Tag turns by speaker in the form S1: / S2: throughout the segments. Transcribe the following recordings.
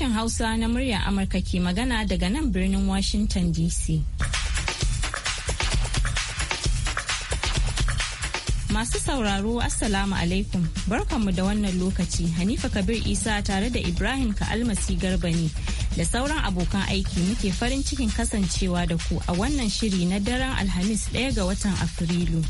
S1: Sashen Hausa na muryar Amurka ke magana daga nan birnin Washington DC. Masu sauraro Assalamu alaikum barkanmu da wannan lokaci Hanifa Kabir Isa tare da Ibrahim Ka'almasi Garba ne da sauran abokan aiki muke farin cikin kasancewa da ku a wannan shiri na daren Alhamis ɗaya ga watan Afrilu.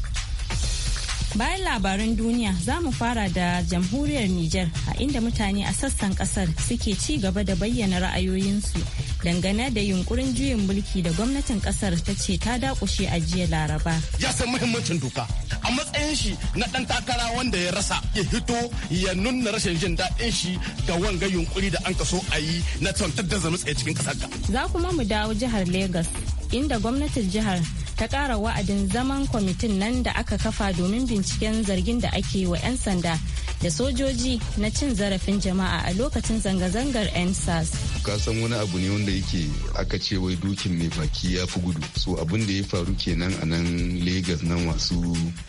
S1: Bayan labaran duniya za mu fara da jamhuriyar Nijar a inda mutane a sassan kasar suke ci gaba da bayyana ra'ayoyinsu dangane da yunkurin juyin mulki da gwamnatin kasar ta ce ta dakushe a jiya laraba.
S2: Ya san muhimmancin doka a matsayin shi na dan takara wanda ya rasa ya hito ya nuna rashin jin daɗin
S3: shi ga wanga yunkuri da an kaso a yi na tantar da zama tsaye cikin kasar
S1: Za kuma mu dawo jihar Legas inda gwamnatin jihar ta kara wa'adin zaman kwamitin nan da aka kafa domin binciken zargin da ake wa 'yan sanda da sojoji na cin zarafin jama'a a lokacin zanga-zangar ensas
S3: ka san wani abu ne wanda yake aka ce wai dokin mai baki ya fi gudu so abin da ya faru kenan a nan lagos nan masu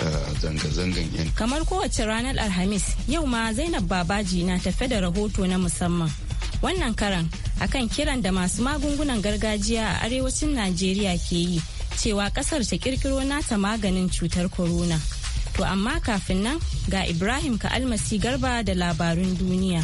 S3: ah, zanga-zangan yan
S1: kamar kowace ranar alhamis yau ma zainab babaji na tafe da rahoto na musamman wannan karan akan kiran da masu magungunan gargajiya a arewacin najeriya ke yi cewa kasar ta kirkiro nata maganin cutar corona. To amma kafin nan ga Ibrahim ka almasi garba da labarun duniya.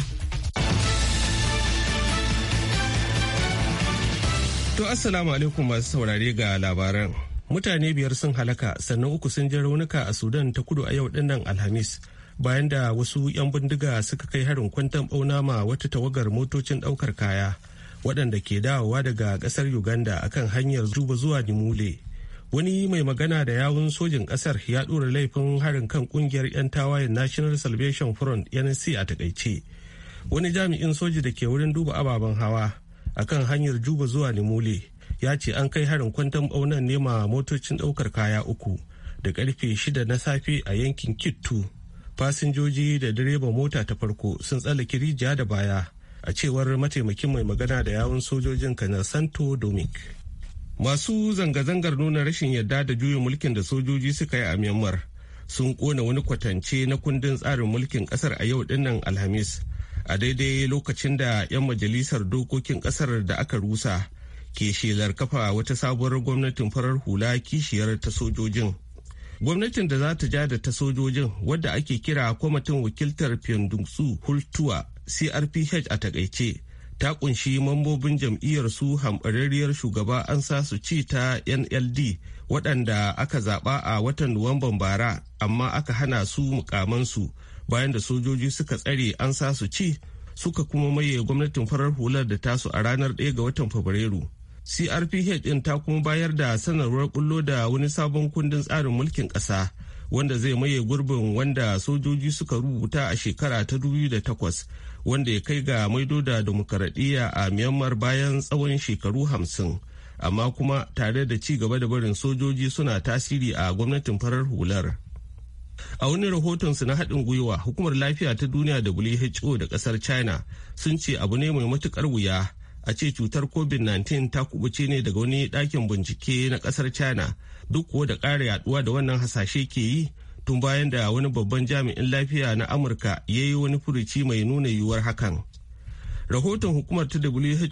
S4: To Assalamu alaikum masu saurare ga labaran. Mutane biyar sun halaka sannan uku sun je raunuka a Sudan ta kudu a yau dinnan Alhamis. Bayan da wasu 'yan bindiga suka kai harin kwantan bauna ma wata tawagar motocin daukar kaya. waɗanda ke dawowa daga ƙasar uganda akan hanyar juba zuwa nimule wani mai magana da yawun sojin ƙasar ya ɗora laifin harin kan ƙungiyar 'yan tawayen national salvation front nc a takaice wani jami'in soji da ke wurin duba ababen hawa akan hanyar juba zuwa nimule ya ce an kai harin kwantan ɓaunan nema motocin ɗaukar kaya uku da ƙarfe shida na safe a yankin kittu fasinjoji da direban mota ta farko sun tsallake rijiya da baya a cewar mataimakin mai magana da yawun sojojin kanar santo domic masu zanga-zangar nuna rashin yadda da juyin mulkin da sojoji suka yi a myanmar sun kona wani kwatance na kundin tsarin mulkin kasar a yau dinnan alhamis a daidai lokacin da 'yan majalisar dokokin kasar da aka rusa ke shelar kafa wata sabuwar gwamnatin farar hula kishiyar ta sojojin gwamnatin da za ta ja da ta sojojin wadda ake kira kwamitin wakiltar pyongyang hultuwa crph a takaice ta kunshi mambobin jam'iyyar su hamɓararriyar shugaba an sa su ci ta nld waɗanda aka zaɓa a watan nuwamban bara amma aka hana su mukamansu bayan da sojoji suka tsare an sa su ci suka kuma maye gwamnatin farar hular da tasu a ranar 1 ga watan fabrairu crph ɗin ta kuma bayar da sanarwar kullo da wani sabon kundin tsarin mulkin ƙasa wanda zai maye gurbin wanda sojoji suka rubuta a shekara ta 2008 wanda ya kai ga maido da demokaradiyya a myanmar bayan tsawon shekaru hamsin amma kuma tare da ci gaba da barin sojoji suna tasiri a gwamnatin farar hular a wani rahoton su na haɗin gwiwa hukumar lafiya ta duniya who da ƙasar china sun ce abu ne mai matuƙar wuya a ce cutar covid-19 ta kubuce ne daga wani ɗakin bincike na ƙasar china duk kuwa da ƙara yaduwa da wannan hasashe ke yi tun bayan da wani babban jami'in lafiya na amurka ya yi wani furuci mai nuna yiwuwar hakan rahoton hukumar ta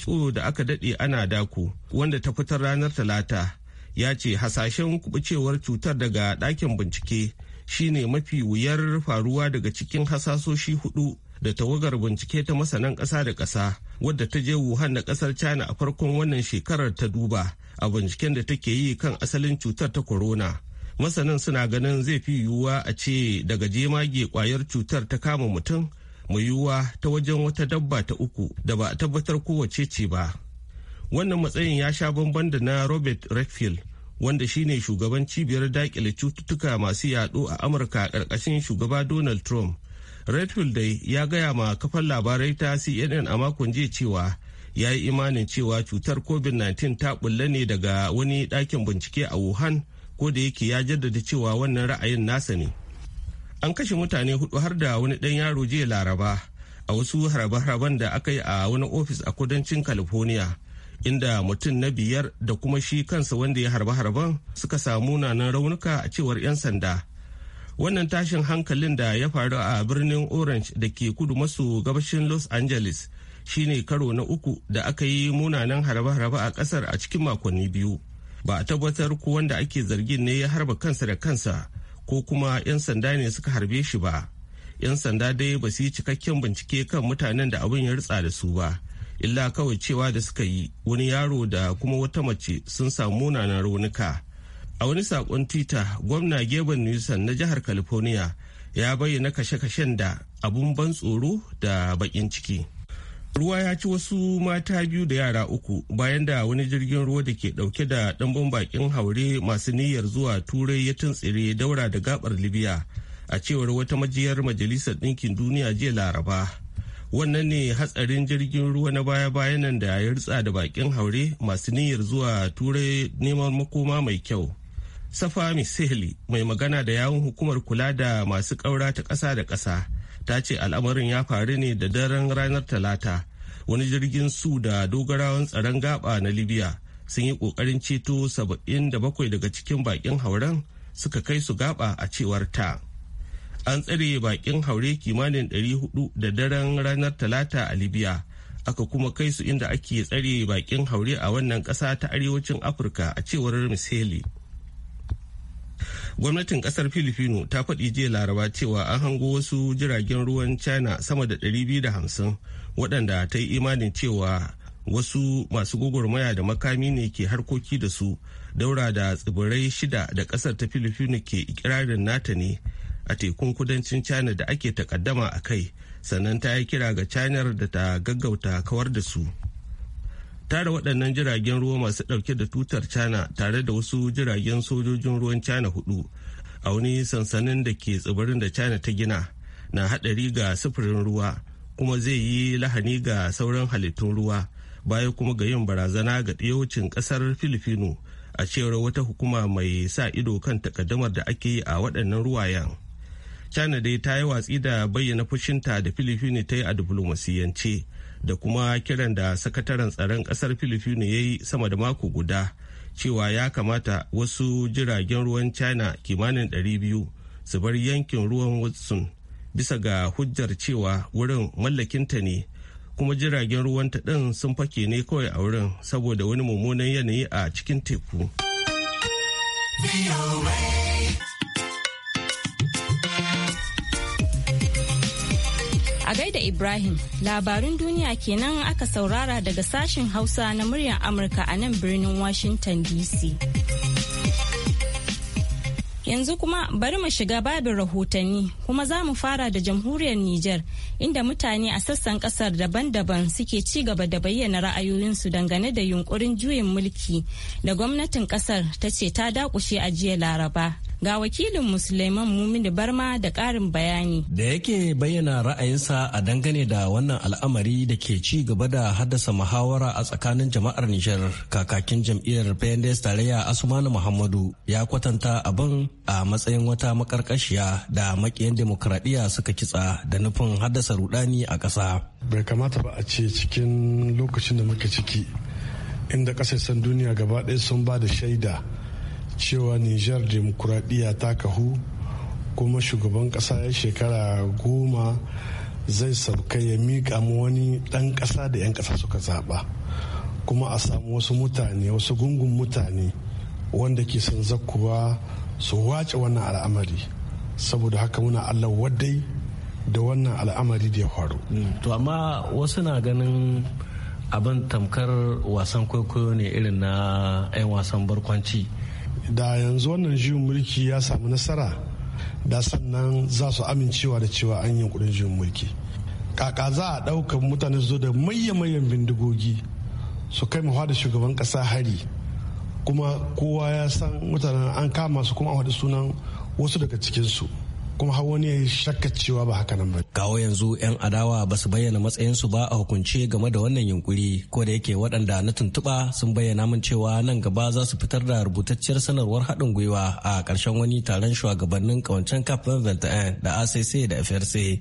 S4: who da aka daɗe ana daku wanda ta fitar ranar talata ya ce hasashen kubucewar cutar daga ɗakin bincike shine mafi wuyar faruwa daga cikin hasasoshi hudu da tawagar bincike ta masanan ƙasa da ƙasa wadda ta je wuhan na ƙasar china a farkon wannan shekarar ta duba a binciken da take yi kan asalin cutar ta corona masanin suna ganin zai fi yiwuwa a ce daga jemage kwayar cutar ta kama mutum mai yiwuwa ta wajen wata dabba ta uku da ba a tabbatar kowace ce ba wannan matsayin ya sha bamban da na robert redfield wanda shine shugaban cibiyar dakile cututtuka masu yaɗo a amurka ƙarƙashin shugaba donald trump redfield dai ya gaya ma kafar labarai ta cnn a makon jiya cewa ya yi imanin cewa cutar covid-19 ta bulle ne daga wani ɗakin bincike a wuhan ko da yake ya jaddada cewa wannan ra'ayin nasa ne an kashe mutane hudu har da wani ɗan yaro jiya laraba a wasu harabe-haraben da aka yi a wani ofis a kudancin california inda mutum na biyar da kuma shi kansa wanda ya harba harben suka samu nanan raunuka a cewar 'yan sanda wannan tashin hankalin da ya faru a birnin orange da ke kudu maso gabashin los angeles shine karo na uku da aka yi munanan harbe-harbe a kasar a cikin makonni biyu ba a tabbatar ko wanda ake zargin ne ya harba kansa da kansa ko kuma 'yan sanda ne suka harbe shi ba 'yan sanda dai ba su yi cikakken bincike kan mutanen da abin ya ritsa da su ba illa kawai cewa da suka yi wani yaro da kuma wata mace sun samu munanan raunuka a wani sakon twitter gwamna Geban Nisan na jihar california ya bayyana kashe-kashen da abun ban tsoro da bakin ciki ruwa ya ci wasu mata biyu da yara uku bayan da wani jirgin ruwa da ke dauke da ɗanbun bakin haure masu niyyar zuwa turai ya tuntsire daura da gabar libya a cewar wata majiyar majalisar ɗinkin duniya jiya laraba wannan ne hatsarin jirgin ruwa na baya-bayan nan da ya rutsa da bakin haure masu niyyar zuwa turai neman makoma mai kyau safa misili mai magana da yawun hukumar kula da masu ƙaura ta ƙasa da ƙasa ta ce al'amarin ya faru ne da daren ranar talata wani jirgin su da dogarawan tsaron gaba na libya sun yi kokarin ceto 77 daga cikin bakin hauren suka kai su gaba a cewar ta an tsare bakin haure kimanin 400 da daren ranar talata a libya aka kuma kai su inda ake tsare bakin haure a wannan ƙasa ta arewacin afirka a cewar miseli gwamnatin kasar filifino ta faɗi jiya laraba cewa an hango wasu jiragen ruwan china sama da 250 waɗanda ta yi imanin cewa wasu masu gwagwarmaya da makami ne ke harkoki da su daura da tsibirai shida da kasar ta filifino ke ikirarin nata ne a tekun kudancin china da ake takaddama a kai sannan ta yi kira ga china da ta gaggauta kawar da su tara waɗannan jiragen ruwa masu ɗauke da tutar china tare da wasu jiragen sojojin ruwan china hudu a wani sansanin da ke tsibirin da china ta gina na haɗari ga sufurin ruwa kuma zai yi lahani ga sauran halittun ruwa baya kuma ga yin barazana ga ɗiyaucin ƙasar filifino a cewar wata hukuma mai sa ido kan takaddamar da ake yi a waɗannan ruwayen china dai ta yi watsi da bayyana fushinta da filifino ta yi a diflomasiyance da kuma kiran da sakataren tsaron kasar filifini ya yi sama da mako guda cewa ya kamata wasu jiragen ruwan china kimanin 200 su bar yankin ruwan watson bisa ga hujjar cewa wurin mallakinta ne kuma jiragen ruwanta ɗin sun fake ne kawai a wurin saboda wani mummunan yanayi a cikin teku.
S1: A gaida Ibrahim, labarun duniya kenan aka saurara daga sashen Hausa na muryar Amurka a nan birnin Washington DC. Yanzu kuma bari mu shiga babin rahotanni kuma za mu fara da jamhuriyar Nijar inda mutane a sassan kasar daban-daban suke ci gaba da bayyana ra'ayoyinsu dangane da yunkurin juyin mulki da gwamnatin kasar ta ce ta dakushe a jiya Laraba Ga wakilin mumin da Barma da karin bayani.
S5: Da yake bayyana ra'ayinsa a dangane da wannan al'amari da ke ci gaba da haddasa muhawara a tsakanin jama'ar Nijar kakakin jam'iyyar pendes tarayya Asmanu Muhammadu ya kwatanta abin a matsayin wata makarkashiya da makiyan demokradiyya suka kitsa da nufin haddasa rudani a ƙasa. Bai kamata ba a ce cikin lokacin da muke ciki inda ƙasashen duniya
S6: gaba ɗaya sun ba da shaida cewa nijar demokuraɗiyya ta kahu kuma shugaban ƙasa ya shekara goma zai sauka ya miƙa mu wani ɗan ƙasa da 'yan ƙasa suka zaɓa kuma a samu wasu mutane wasu gungun mutane wanda ke son zakkuwa su wace wannan al'amari saboda haka muna allah wadai da wannan al'amari da ya faru mm, to amma wasu na ganin abin tamkar wasan kwaikwayo ne irin na 'yan wasan barkwanci da yanzu wannan juyin mulki ya samu nasara da sannan za su amincewa da cewa an yi kudin juyin mulki kaka za a daukan mutane su da mayyan bindigogi su kai mawa da shugaban ƙasa hari kuma kowa ya san mutanen an kama su kuma a sunan wasu daga cikinsu kuma har wani ya shakka cewa ba haka nan ba
S5: kawo yanzu yan adawa ba su bayyana matsayinsu ba a hukunce game da wannan yunkuri ko da yake waɗanda na tuntuɓa sun bayyana min cewa nan gaba za su fitar da rubutacciyar sanarwar haɗin gwiwa a ƙarshen wani taron shugabannin ƙawancen kafin da acc da frc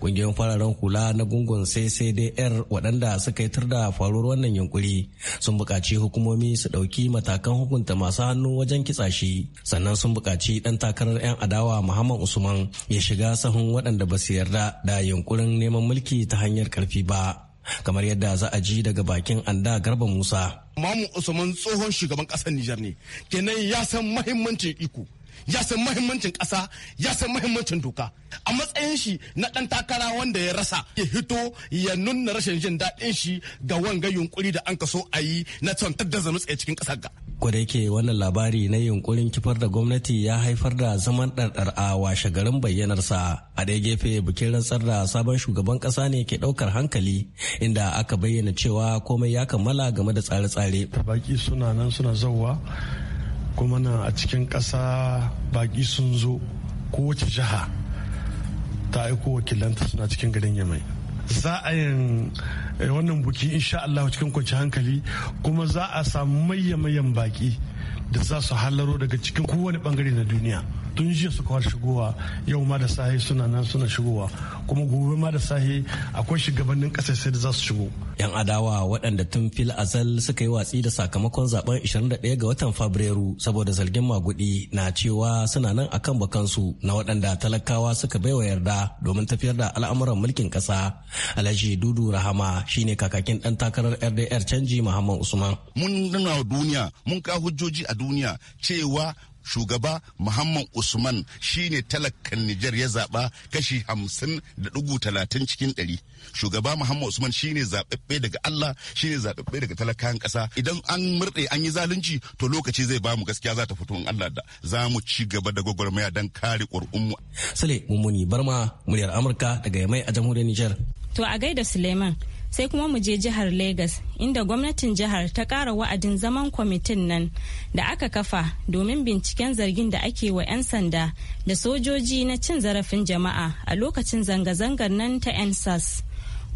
S5: Ƙungiyoyin fararen kula na gungun CCDR waɗanda suka yi da faruwar wannan yunkuri sun buƙaci hukumomi su ɗauki matakan hukunta masu hannu wajen kitsa shi sannan sun buƙaci ɗan takarar 'yan adawa Muhammad Usman ya shiga sahun waɗanda ba su yarda da yunkurin neman mulki ta hanyar ƙarfi ba. kamar yadda za a ji daga bakin anda garba musa mamu usman tsohon shugaban ƙasar nijar ne kenan ya san mahimmancin iko ya san mahimmancin ƙasa
S2: ya san mahimmancin doka a matsayin shi na ɗan takara wanda ya rasa ya hito ya nuna rashin jin daɗin shi ga wanga yunkuri da an kaso a yi na tsantar da zamu tsaye cikin ƙasar ga.
S5: Ko da wannan labari na yunkurin kifar da gwamnati ya haifar da zaman ɗarɗar a washe garin bayyanarsa a ɗaya gefe bikin rantsar da sabon shugaban ƙasa ne ke ɗaukar hankali inda aka bayyana cewa komai ya kammala game da tsare-tsare. Baki suna nan suna zauwa kuma na a cikin ƙasa baƙi sun zo
S6: kowace jiha ta aiko wakilanta suna cikin garin yamai za a yin eh, wannan buki insha Allah cikin kwanci hankali kuma za a samu maye-mayen baƙi da za su halaro daga cikin kowane bangare na duniya tun jiya suka kawar shigowa yau ma da sahi suna nan suna shigowa kuma gobe ma da sahi akwai shugabannin
S5: sai da za su shigo yan adawa waɗanda tun fil azal suka yi watsi da sakamakon zaben 21 ga watan fabrairu saboda zargin magudi na cewa suna nan akan bakansu na waɗanda talakawa suka baiwa yarda domin tafiyar da al'amuran mulkin ƙasa alhaji dudu rahama shine kakakin ɗan takarar rdr canji muhammad usman mun nuna duniya mun ka hujjoji a duniya cewa shugaba Muhammad Usman shine
S3: talakan Nijar ya zaɓa kashi hamsin da talatin cikin ɗari. Shugaba Muhammad Usman shine zaɓaɓɓe daga Allah shine zaɓaɓɓe daga talakan ƙasa. Idan an murɗe an yi zalunci to lokaci zai ba mu gaskiya za ta fito in Allah da za mu ci gaba da gwagwarmaya don kare ƙur'unmu.
S5: Sule Mummuni Barma muryar Amurka daga Yamai a jamhuriyar Nijar.
S1: To a gaida Suleiman sai kuma mu je jihar Legas inda gwamnatin jihar ta ƙara wa'adin zaman kwamitin nan da aka kafa domin binciken zargin da ake wa 'yan sanda da sojoji na cin zarafin jama'a a lokacin zanga-zangar nan ta 'yan sas.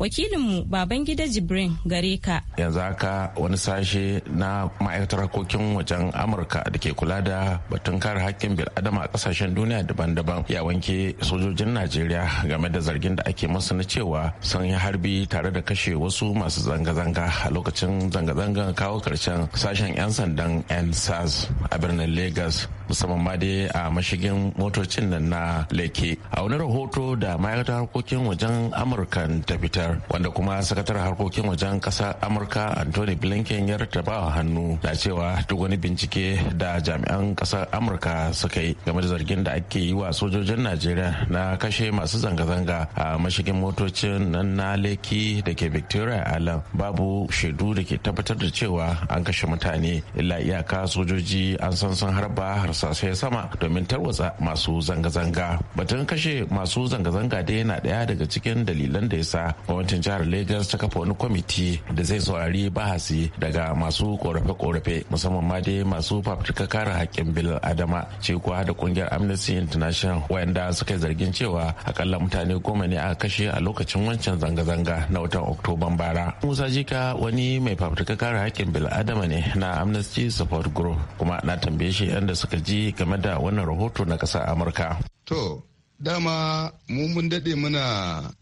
S1: wakilinmu baban gida jibrin gare ka
S7: yanzu haka wani sashe na ma'aikatar harkokin wajen amurka da ke kula da batun kare hakkin bil'adama a kasashen duniya daban-daban ya wanke sojojin najeriya game da zargin da ake musu na cewa sun yi harbi tare da kashe wasu masu zanga-zanga a lokacin zanga-zangan kawo karshen sashen 'yan sandan 'yan a birnin lagos musamman ma dai a mashigin motocin nan na leke a wani rahoto da ma'aikatar harkokin wajen amurka ta fitar wanda kuma sakatar harkokin wajen ƙasar amurka anthony blinken ya rattaba hannu na cewa duk wani bincike da jami'an ƙasar amurka suka yi game da zargin da ake yi wa sojojin najeriya na kashe masu zanga-zanga a mashigin motocin nan na leki da ke victoria island babu shaidu da ke tabbatar da cewa an kashe mutane illa iyaka sojoji an san sun harba harsashe sama domin tarwatsa masu zanga-zanga batun kashe masu zanga-zanga dai yana daya daga cikin dalilan da ya sa gwamnatin jihar Legas ta kafa wani kwamiti da zai saurari bahasi daga masu korafe-korafe musamman ma dai masu fafutukar kare haƙƙin bil adama ce kuwa da ƙungiyar amnesty international wayanda suka yi zargin cewa akalla mutane goma ne aka kashe a lokacin wancan zanga-zanga na watan oktoban bara musa jika wani mai fafutukar kare haƙƙin bil adama ne na amnesty support group kuma na tambaye shi yadda suka ji ji game da wannan rahoto na ƙasar amurka
S3: to dama mu mun daɗe muna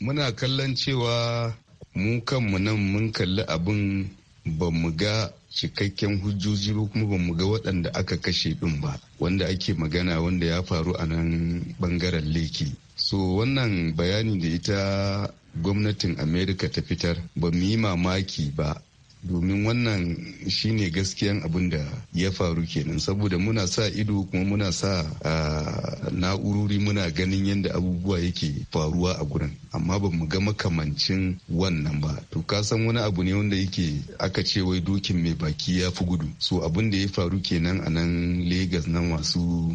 S3: muna kallon cewa mu kanmu nan mun kalli abin ba mu ga cikakken hujjoji ba kuma ba mu ga waɗanda aka kashe ɗin ba wanda ake magana wanda ya faru a nan ɓangaren leki so wannan bayani da ita gwamnatin amerika ta fitar ba mu yi mamaki ba domin wannan shine gaskiyan abin da ya faru kenan saboda muna sa ido kuma muna sa ah, na'urori muna ganin yadda abubuwa yake faruwa a gurin amma ba mu ga makamancin wannan ba to ka san wani abu ne wanda yake aka ce wai dokin mai baki ya fi gudu so abin da ya faru kenan a nan Legas na masu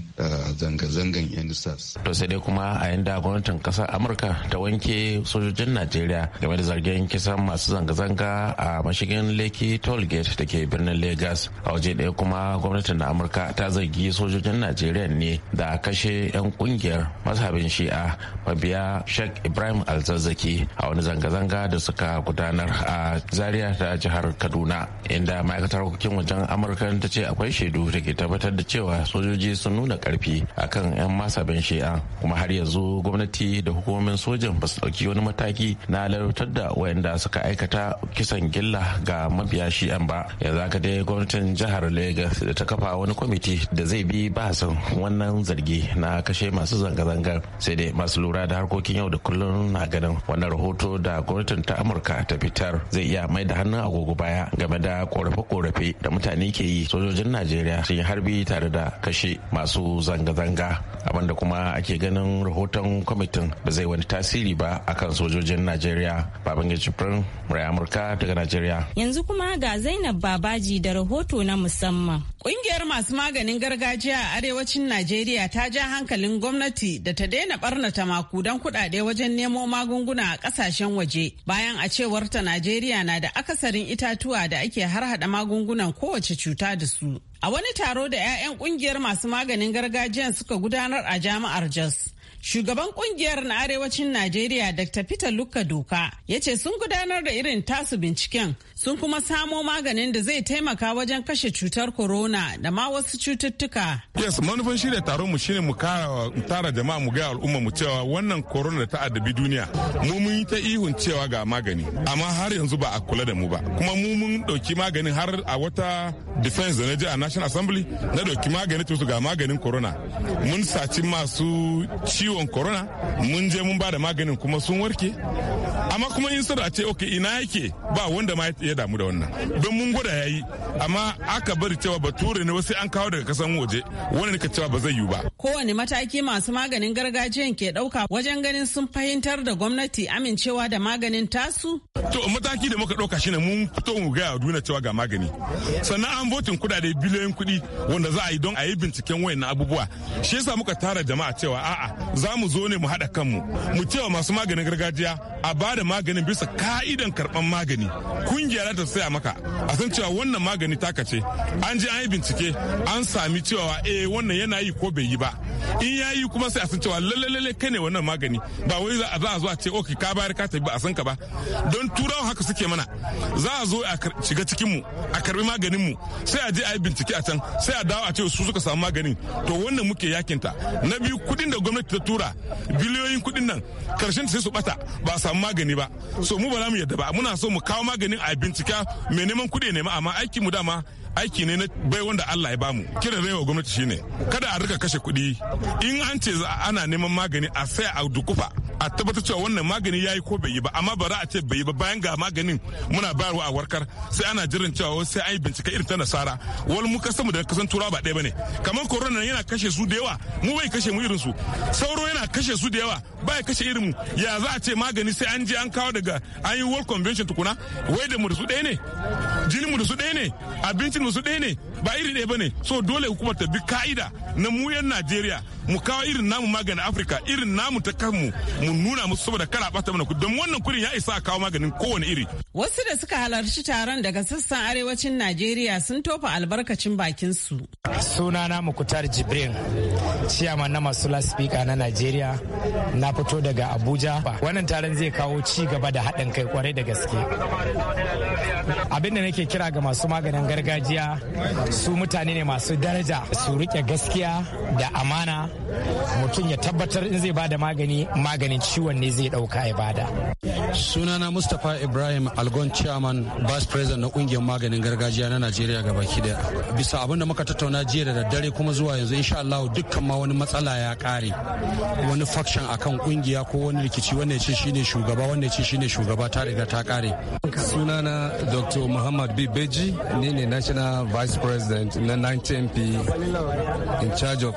S3: zanga-zangan yan sas
S7: to sai dai kuma a yanda gwamnatin kasar amurka ta wanke sojojin najeriya game da zargin kisan masu zanga-zanga a mashigin leki tollgate da ke birnin Legas a waje ɗaya kuma gwamnatin na amurka ta zargi sojojin najeriya ne da kashe 'yan kungiyar mazhabin shi'a mabiya sheikh ibrahim alzazzaki a wani zanga-zanga da suka gudanar a zaria ta jihar kaduna inda ma'aikatar hukumin wajen amurka ta ce akwai shaidu da ke tabbatar da cewa sojoji sun nuna karfi a kan 'yan mazhabin shi'a kuma har yanzu gwamnati da hukumomin sojan ba su dauki wani mataki na lalatar da wayanda suka aikata kisan gilla ga mabiya shi'an ba yanzu aka dai gwamnatin jihar lagos da ta kafa wani kwamiti da zai bi bahasin wannan zargi na kashe masu zanga-zangar sai dai masu lura da harkokin yau da kullum na ganin wannan rahoto da gwamnatin ta amurka ta fitar zai iya mai da hannun agogo baya game da korafe-korafe da mutane ke yi sojojin najeriya sun yi harbi tare da kashe masu zanga-zanga abinda kuma ake ganin rahoton kwamitin ba zai wani tasiri ba akan sojojin najeriya babangaji firin murai amurka daga najeriya
S1: yanzu kuma ga zainab babaji da rahoto na musamman
S8: ƙungiyar masu maganin gargajiya a arewacin najeriya ta ja hankali hankalin gwamnati da ta daina barnata makudan kuɗaɗe wajen nemo magunguna a kasashen waje bayan a cewar ta Najeriya na da akasarin itatuwa da ake harhaɗa magungunan kowace cuta da su. A wani taro da 'ya'yan ƙungiyar masu maganin gargajiyan suka gudanar a jami'ar Jos. Shugaban kungiyar na arewacin Najeriya Dr. Peter Luka Doka ya ce sun gudanar da irin tasu binciken sun kuma samo maganin da zai taimaka wajen kashe cutar corona da ma wasu cututtuka.
S9: Yes, manufan shirya taron mu shine mu tara jama'a mu ga al'umma mu cewa wannan corona da ta addabi duniya mu mun yi ta ihun cewa ga magani amma har yanzu ba a kula da mu ba kuma mu mun dauki maganin har a wata defense da na ji a National Assembly na dauki magani ga maganin corona mun saci masu ciwo ciwon corona mun je mun ba da maganin kuma sun warke amma kuma in sun ce ok ina yake ba wanda ma ya damu da wannan don mun gwada yayi amma aka bari cewa bature ne wasu an kawo daga kasan waje wani ka cewa ba zai yiwu ba
S8: kowane mataki masu maganin gargajiyan ke dauka wajen ganin sun fahimtar da gwamnati amincewa da maganin tasu
S9: to mataki da muka dauka shine mun fito mu ga duniya cewa ga magani sannan an votin kudade biliyoyin kuɗi wanda za a yi don a yi binciken wayannan abubuwa shi yasa muka tara jama'a cewa a'a za mu zo ne mu haɗa kanmu mu cewa masu maganin gargajiya a ba da maganin bisa ka'idan karban magani kungiya ta saya maka a san cewa wannan magani ta kace an ji an yi bincike an sami cewa eh wannan yana yi ko bai yi ba in ya yi kuma sai a san cewa lalle kai ne wannan magani ba wai za a zo a ce ok ka bayar ka tafi ba a san ka ba don turawa haka suke mana za a zo a shiga cikin mu a karbi maganin mu sai a je a yi bincike a can sai a dawo a ce su suka samu maganin to wannan muke yakinta na biyu kudin da gwamnati ta tura biliyoyin kudin nan karshen sai su bata ba a samu magani ba so mu ba za mu yadda ba muna so mu kawo maganin a bincika mai neman kuɗi ne ma amma aikin mu dama aiki ne na bai wanda Allah ya bamu kira ne wa gwamnati shine kada a rika kashe kuɗi in an ce ana neman magani a sai a dukufa a tabbatar cewa wannan magani ya yi ko bai yi ba amma ba a ce bai yi ba bayan ga maganin muna bayarwa a warkar sai ana jiran cewa sai an yi bincike irin ta nasara wal mu kasamu da kasan turawa ba ɗaya bane kamar corona yana kashe su da yawa mu bai kashe mu irin su sauro yana kashe su da yawa ba ya kashe irin mu ya za a ce magani sai an je an kawo daga an yi world convention tukuna wai da mu da su ɗaya ne jini mu da su ɗaya ne abincin tsarin su ɗaya ne ba iri ɗaya ba ne so dole hukumar ta bi ka'ida na muyan najeriya mu kawo irin namu maganin afirka irin namu ta kanmu mu nuna musu saboda kara bata mana kudi don wannan kudin ya isa a kawo maganin kowane iri
S8: wasu da suka halarci taron daga sassan arewacin najeriya sun tofa albarkacin bakin
S2: su na mukutar jibrin ciyaman na masu laspika na najeriya na fito daga abuja wannan taron zai kawo ci gaba da haɗin kai kwarai da gaske abinda nake kira ga masu maganin gargajiya su mutane ne masu daraja su riƙe gaskiya da amana mutum ya tabbatar in zai bada magani maganin ciwon ne zai dauka ya bada sunana mustapha ibrahim algon chairman vice president na kungiyar maganin gargajiya na najeriya gabaki daya bisa abin da muka tattauna jiya da daddare kuma zuwa yanzu insha allahu dukkan ma wani matsala ya kare wani faction akan kungiya ko wani rikici wanda ya ce shine shugaba wanda shine shugaba ta riga ta kare
S3: sunana dr muhammad b beji ni ne national vice president na 19p in charge of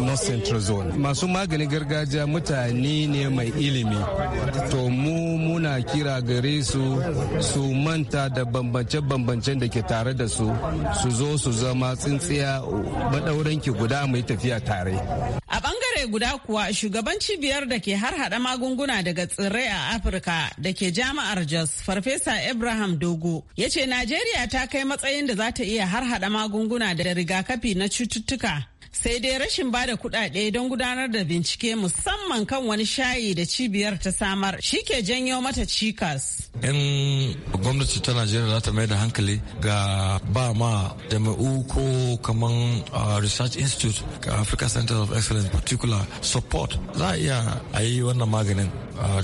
S3: nursing centrozone masu maganin gargajiya mutane ne mai ilimi to mu muna kira gare su su manta da bambance-bambancen da ke tare da su su zo su zama tsintsiya maɗauranki guda mai tafiya tare
S8: a bangare guda kuwa shugaban cibiyar da ke har harhaɗa magunguna daga tsirrai a afirka da ke jami'ar jos farfesa ibrahim dogo ya ce najeriya ta kai matsayin da za ta iya harhaɗa magunguna da rigakafi na cututtuka sai dai rashin ba da kuɗaɗe don gudanar da bincike musamman kan wani shayi da cibiyar ta samar shi ke janyo mata cikas.
S5: in gwamnati ta najeriya za ta mai da hankali ga ba ma jami'u ko kaman research institute ga africa center of excellence particular support za a iya a yi wannan maganin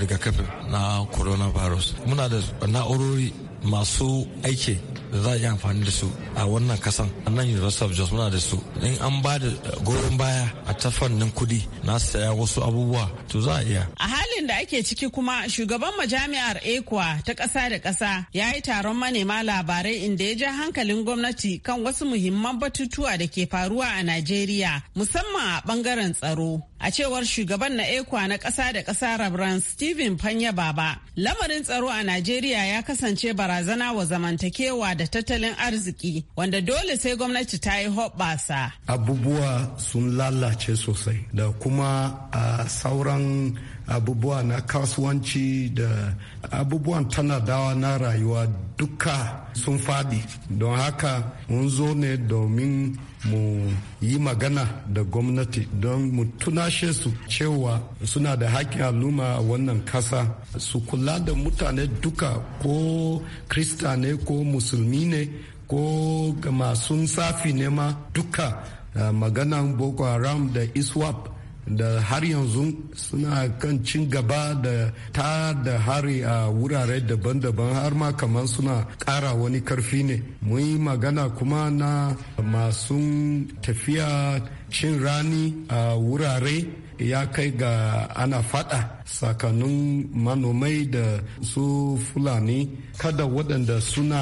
S5: rigakafin na coronavirus muna da na'urori masu aiki da za a yi amfani da su a wannan kasan a nan university of jos muna da su in an ba da eh, goyon baya a ta fannin kudi na saya wasu abubuwa
S7: to za a iya
S8: a halin da ake ciki kuma shugaban majami'ar ekwa ta kasa da kasa ya yi taron manema labarai inda ya ja hankalin gwamnati kan wasu muhimman batutuwa da ke faruwa a najeriya musamman a bangaren tsaro A cewar shugaban na ekwa na ƙasa da ƙasa Rabran Stephen panya Baba, lamarin tsaro a Najeriya ya kasance barazana wa zamantakewa da tattalin arziki wanda dole sai gwamnati ta yi hoɓɓasa.
S2: Abubuwa sun lalace sosai da kuma a sauran abubuwa na kasuwanci da abubuwan tana dawa na rayuwa duka sun fadi don haka mun zo ne domin mu yi magana da gwamnati don mu tunashe su cewa suna da haƙƙin al'umma a wannan kasa su kula da mutane duka ko krista ne ko musulmi ne ko masu safi ne ma duka eh, maganan boko haram da iswap da har yanzu suna kan cin gaba da ta da hari a wurare daban-daban har ma kamar suna kara wani karfi ne mun yi magana kuma na masu tafiya cin rani a wurare ya kai ga ana fada sakanin manomai da su fulani kada waɗanda suna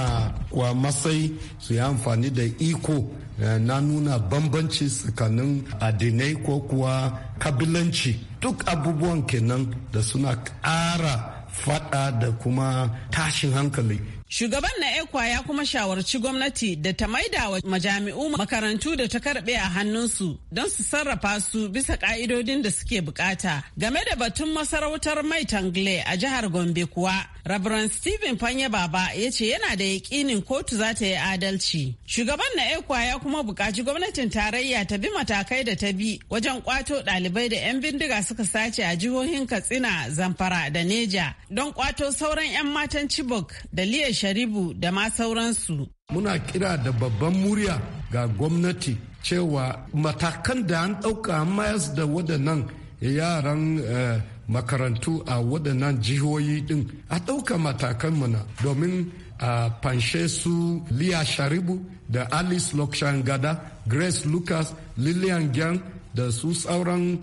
S2: ƙwamasai masai su yi amfani da iko Eh, na nuna bambanci tsakanin addinai ko kuwa kabilanci duk abubuwan kenan da suna ƙara fada da kuma tashin hankali
S8: Shugaban na ekwa ya kuma shawarci gwamnati da ta maida wa majami'u makarantu da ta karbe a hannunsu don su sarrafa su bisa ka'idodin da suke bukata. Game da batun masarautar mai tangle a jihar Gombe kuwa, Reverend Stephen Fanye Baba ya ce yana da yakinin kotu za ta yi adalci. Shugaban na ekwa ya kuma bukaci gwamnatin tarayya ta bi matakai da ta bi wajen kwato ɗalibai da 'yan bindiga suka sace a jihohin Katsina, Zamfara da Neja don kwato sauran 'yan matan Chibok
S2: da Liya Sharibu da ma sauransu. Muna kira da babban murya ga gwamnati cewa matakan da an ɗauka mayas da waɗannan yaran eh, makarantu a waɗannan jihohi ɗin a ɗauka matakan mana domin a fanshe su Liya Sharibu da Alice Lokshangada, Grace Lucas, Lillian Gyan da su sauran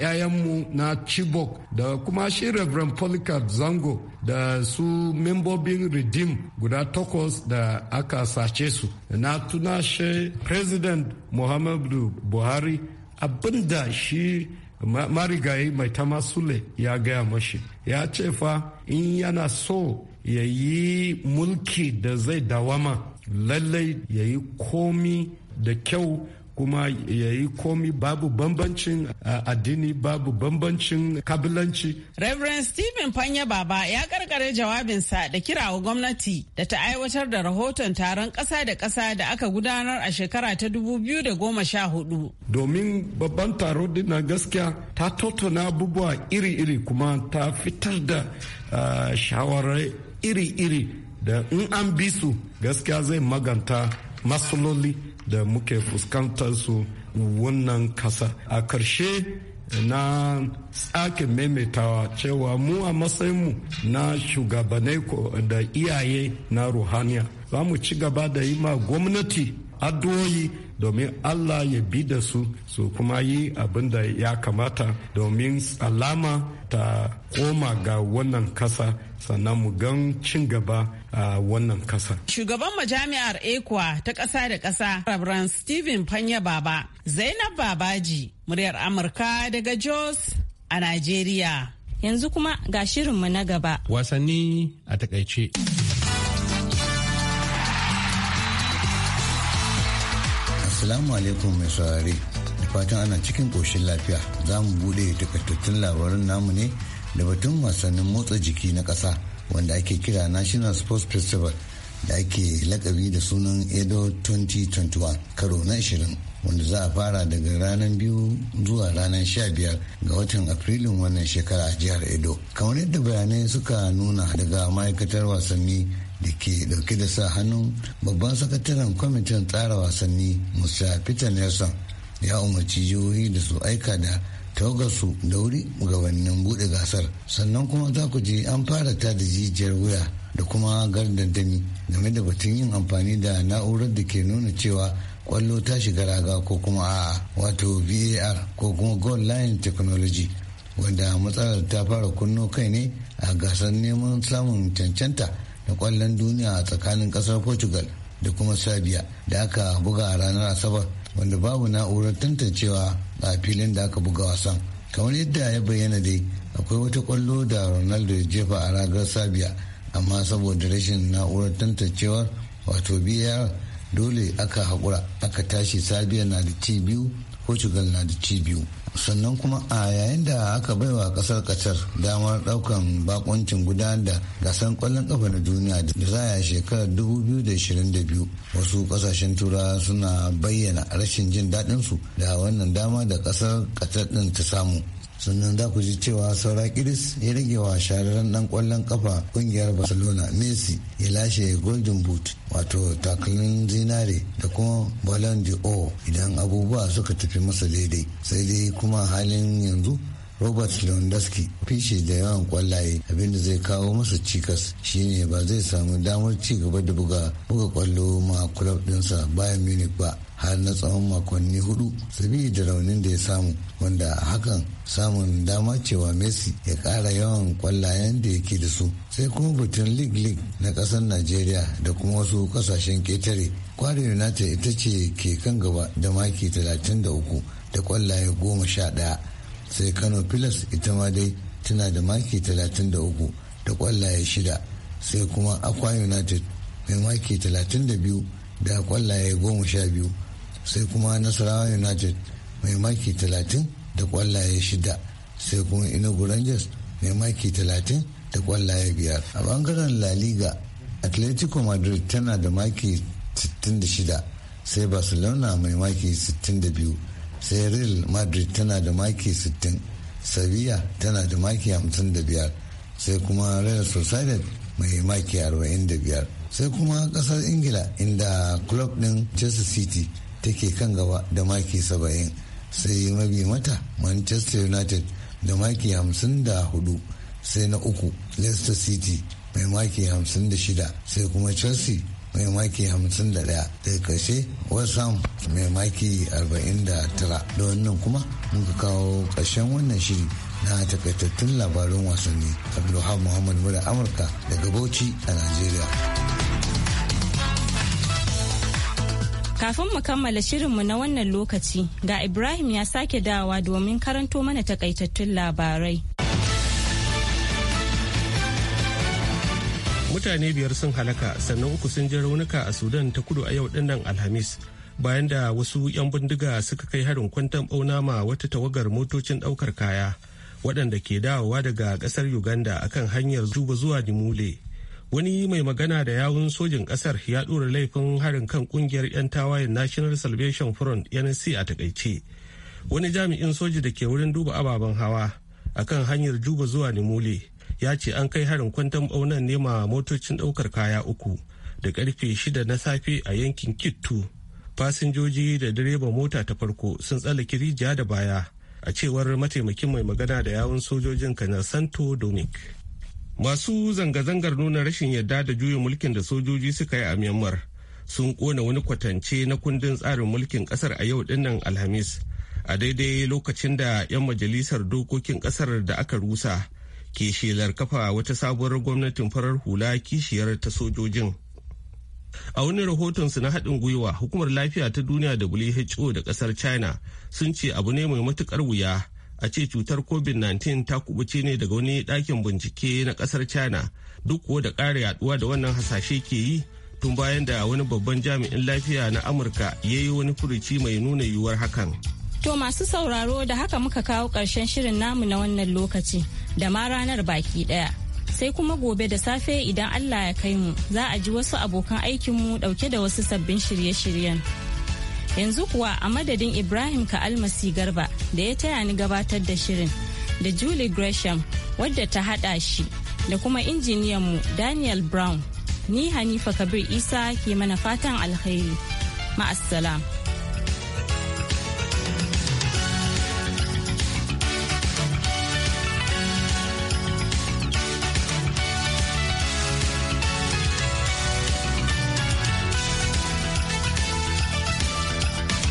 S2: ‘ya'yanmu eh, na Chibok da kuma shi Reverend Polycarp Zango da su membobin Redeem guda takwas da aka sace su. Na tuna shi President Muhammadu Buhari abinda shi marigayi mai tama Sule ya gaya mashi. Ya ce fa in yana so ya yi mulki da zai dawama lallai ya yi komi da kyau kuma yayi yi komi babu bambancin addini babu bambancin kabilanci.
S8: Reverend Stephen Fanya Baba ya karkare jawabinsa da kirawa gwamnati da ta aiwatar da rahoton taron ƙasa da ƙasa da aka gudanar a shekara ta
S2: 2014. Domin babban taro na gaskiya ta tattauna abubuwa iri-iri kuma ta fitar da shawarar iri-iri da in an bi su gaskiya zai maganta matsaloli da muke fuskantar su wannan kasa a karshe na sake maimaitawa cewa mu a mu na shugabanai da iyaye na ruhaniya za mu ci gaba da yi ma gwamnati addu'o'i domin allah ya bi da su su kuma yi abin da ya kamata domin salama. ta koma ga wannan kasa sannan mu gan cin gaba a wannan kasa.
S8: Shugaban majami'ar Ekuwa ta ƙasa da ƙasa, Rabran Stephen Fanya Baba, Zainab Babaji, muryar Amurka daga Jos a
S1: Najeriya. Yanzu kuma ga shirin mu na gaba.
S2: Wasanni a takaice.
S10: Assalamu alaikum mai Sarari. fatan ana cikin koshin lafiya za mu buɗe takaitattun labarin namu ne da batun wasannin motsa jiki na ƙasa wanda ake kira national sports festival da ake lakabi da sunan edo 2021 karo na 20 wanda za a fara daga ranar biyu zuwa ranar 15 ga watan afrilun wannan shekara a jihar edo kamar yadda bayanai suka nuna daga ma'aikatar wasanni da ke dauke da sa hannun babban sakataren kwamitin tsara wasanni musa peter nelson ya umarci jihohi da su aika da tawagarsu da wuri gabanin bude gasar sannan kuma za ku ji an fara ta da jijiyar wuya da kuma gardandami game da batun yin amfani da na'urar da ke nuna cewa kwallo ta shiga raga ko kuma a wato var ko kuma goal line technology wanda matsalar ta fara kunno kai ne a gasar neman samun cancanta da kwallon duniya a tsakanin kasar portugal da kuma serbia da aka buga a ranar asabar wanda babu na'urar tantancewa a filin da aka buga wasan kamar yadda ya bayyana dai akwai wata kwallo da ronaldo ya jefa a ragar sabia amma saboda rashin na'urar tantancewar wato biyar dole aka haƙura aka tashi sabiya na da ci biyu portugal na da cibiyu. sannan kuma a yayin da aka baiwa kasar qatar damar daukan bakoncin guda da gasar kwallon kafa na duniya da za a shekarar 2022 wasu kasashen tura suna bayyana rashin jin daɗinsu da wannan dama da kasar katar din ta samu sannan za ku ji cewa saura kiris ya rage wa shararren dan kwallon kafa kungiyar barcelona messi ya lashe golden boot wato takalmin zinare da kuma ballon d'or idan abubuwa suka tafi masa daidai sai dai kuma halin yanzu robert lewandowski fishi da yawan kwallaye abinda zai kawo masa cikas shine ba zai samu damar ci gaba da buga buga kwallo ma club dinsa bayan munich ba har na tsawon makonni hudu sabi da raunin da ya samu wanda hakan samun dama cewa messi ya kara yawan kwallayen da yake da su sai kuma batun league league na kasar nigeria da kuma wasu kasashen ketare kwari united ita ce ke kan gaba da maki 33 da kwallaye 11 sai kano pilas ita ma dai tana da maki 33 da kwallaye 6 sai kuma akwa united mai maki 32 da kwallaye 12 sai kuma nasarawa united mai maki 30 da kwallaye shida sai kuma inugu rangers mai maki 30 da kwallaye biyar a bangaren la liga atletico madrid tana da maki 66 sai barcelona mai maki 62 sai real madrid tana da maki 60 sevilla tana da maki 55 sai kuma real sociedad mai maki 45 sai kuma kasar ingila inda club din chelsea city take kan gaba da maki 70 sai mabi mata manchester united da maki 54 sai na uku leicester city mai maki 56 sai kuma chelsea mai maki 51 daga karshe wasam mai maki 49 da wannan kuma muka kawo karshen wannan shiri na takaitattun labarin wasanni abdulhamu muhammad mura amurka daga bauchi a nigeria.
S1: Kafin mu kammala shirinmu na wannan lokaci ga Ibrahim ya sake dawa domin karanto mana takaitattun labarai.
S4: Mutane biyar sun halaka sannan uku sun ji raunuka a Sudan ta kudu a yau dinnan Alhamis bayan da wasu 'yan bindiga suka kai harin kwantan bauna ma wata tawagar motocin ɗaukar kaya waɗanda ke dawowa daga ƙasar Uganda akan hanyar zuba zuwa Dimule. wani mai magana da yawun sojin kasar ya ɗora laifin harin kan kungiyar 'yan tawayen national salvation front nc a takaice wani jami'in soji da ke wurin duba ababen hawa a kan hanyar juba zuwa nimule ya ce an kai harin kwantan ɓaunan nema motocin ɗaukar kaya uku da karfe shida na safe a yankin kittu fasinjoji da direban mota ta farko sun tsallake rijiya da baya a cewar mataimakin mai magana da yawun sojojin kanar santo dominic masu zanga-zangar nuna rashin yadda da juyin mulkin da sojoji suka yi a myanmar sun kona wani kwatance na kundin tsarin mulkin kasar a yau dinnan alhamis a daidai lokacin da 'yan majalisar dokokin kasar da aka rusa ke shelar kafa wata sabuwar gwamnatin farar hula kishiyar ta sojojin a wani rahoton su na haɗin gwiwa hukumar lafiya ta duniya who da ƙasar china sun ce abu ne mai matukar wuya a ce cutar covid-19 ta kubuce ne daga wani dakin bincike na ƙasar china duk kuwa da ƙara yaduwa da wannan hasashe ke yi tun bayan da wani babban jami'in lafiya na amurka ya yi wani furuci mai nuna yiwuwar hakan
S1: to masu sauraro da haka muka kawo ƙarshen shirin namu na wannan lokaci da ma ranar baki ɗaya sai kuma gobe da safe idan allah ya kai mu za a ji wasu abokan aikinmu ɗauke da wasu sabbin shirye-shiryen. yanzu kuwa a madadin ibrahim ka'almasi garba da ya taya ni gabatar da shirin da julie gresham wadda ta hada shi da kuma injiniyanmu daniel brown ni hanifa kabir isa ke mana fatan alkhairi ma'assalam.